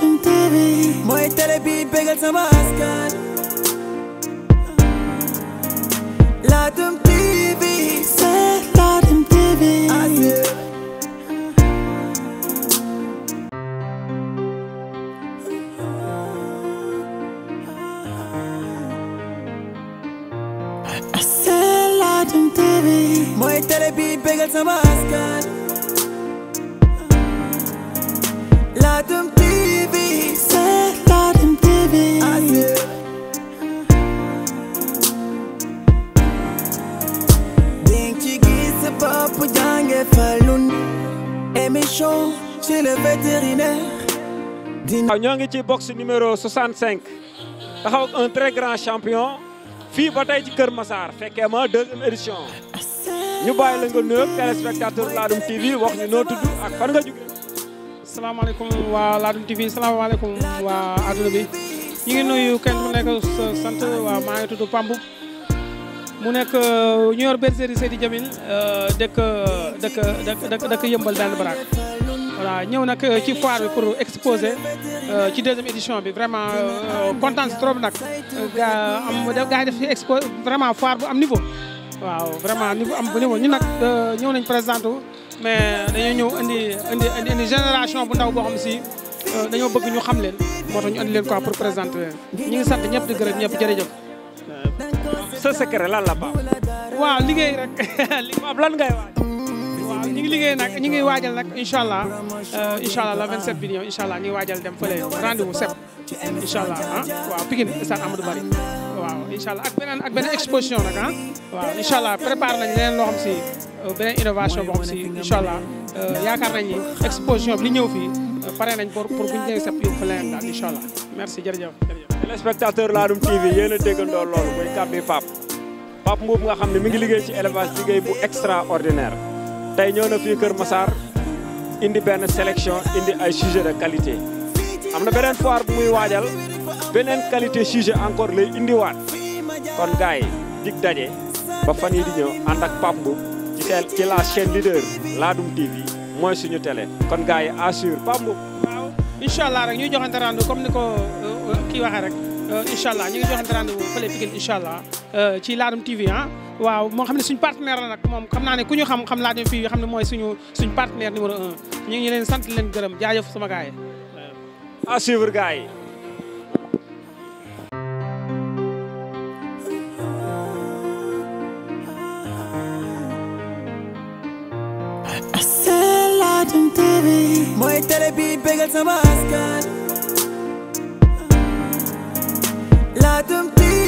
Lassem TV mooy télé bi bégal sama askan Lassem TV c'est Lassem TV c'est Lassem TV mooy télé bi bégal sama askan Lassem Pape Dieng Falloun émission chez le vétérinaire. waaw ñoo ngi ci box numéro 65 taxaw ak un très grand champion fii ba tey ci Kër Massar fekkee ma deuxième édition ñu bàyyi la nga nuyoog téléspectateur Ladoum TV wax ñu noo ak fan nga jógee. salaamaaleykum waa Ladoum TV salaamaaleykum waa àdduna bi ñu ngi nuyu kenn ku nekk sant waa maa ngi mu nekk euh, ñu yor bergerie Seydi Djamil euh, dëkk dëkk dëkk dëkk yëmbal daal baraak voilà ñëw nag euh, ci foire bi pour exposer ci deuxième édition bi vraiment kontaan si trop nag gaa am gaa yi def expo vraiment foire bu am niveau waaw vraiment niveau am bu niveau ñu nag ñëw nañ présenté mais dañoo ñëw indi indi indi génération bu ndaw boo xam si dañoo bëgg ñu xam leen moo tax ñu indi leen quoi pour présenter ñu ngi sant ñëpp di gërëm ñëpp jërëjëf sa secret lan la Pape. waaw liggéey rek li Pape lan ngay waaw ñu ngi liggéey nag ñu ngi waajal nag incha allah euh, incha allah la 27 bi ñëw incha allah ñu ngi waajal dem fële rendez-vous sepp incha allah ah waaw Pikine stade Amadou Barry waaw incha ak beneen ak beneen exposition nag ah waaw incha allah préparé nañu leneen loo xam si euh, beneen innovation boo xam si incha allah euh, yaakaar nañu exposition bi li ñëw fii pare nañ pour pour bu ñu ñëwee sepp yóbbu merci jërëjëf. téléspectateur Ladoum TV yéen a déggandoo loolu mooy kàddu Pape Pape Mboup nga xam ne mu ngi liggéey ci élevage liggéey bu extraordinaire tey ñëw na fii Kër Massar indi benn sélection indi ay sujet de qualité am na beneen foire bu muy waajal beneen qualité sujet encore lay indiwaat kon gars yi daje ba fan yi ñëw ànd ak Pape Mboup ci seen ci la chaîne leader Ladoum TV mooy suñu télé kon gars yi assure Pape Mboup. rek ñu joxante rendez-vous ni ko. Euh, ko kii rek euh, incha allah ñu ngi joxante rendez-vous euh, ci Ladoum TV ah. waaw moo xam ne suñu partenaire la nag moom xam naa ne ku ñu xam xam Ladoum fii xam ne mooy suñu suñu partenaire numéro un ñu ngi leen sant leen gërëm jaajëf sama gars yi. à suivre I dem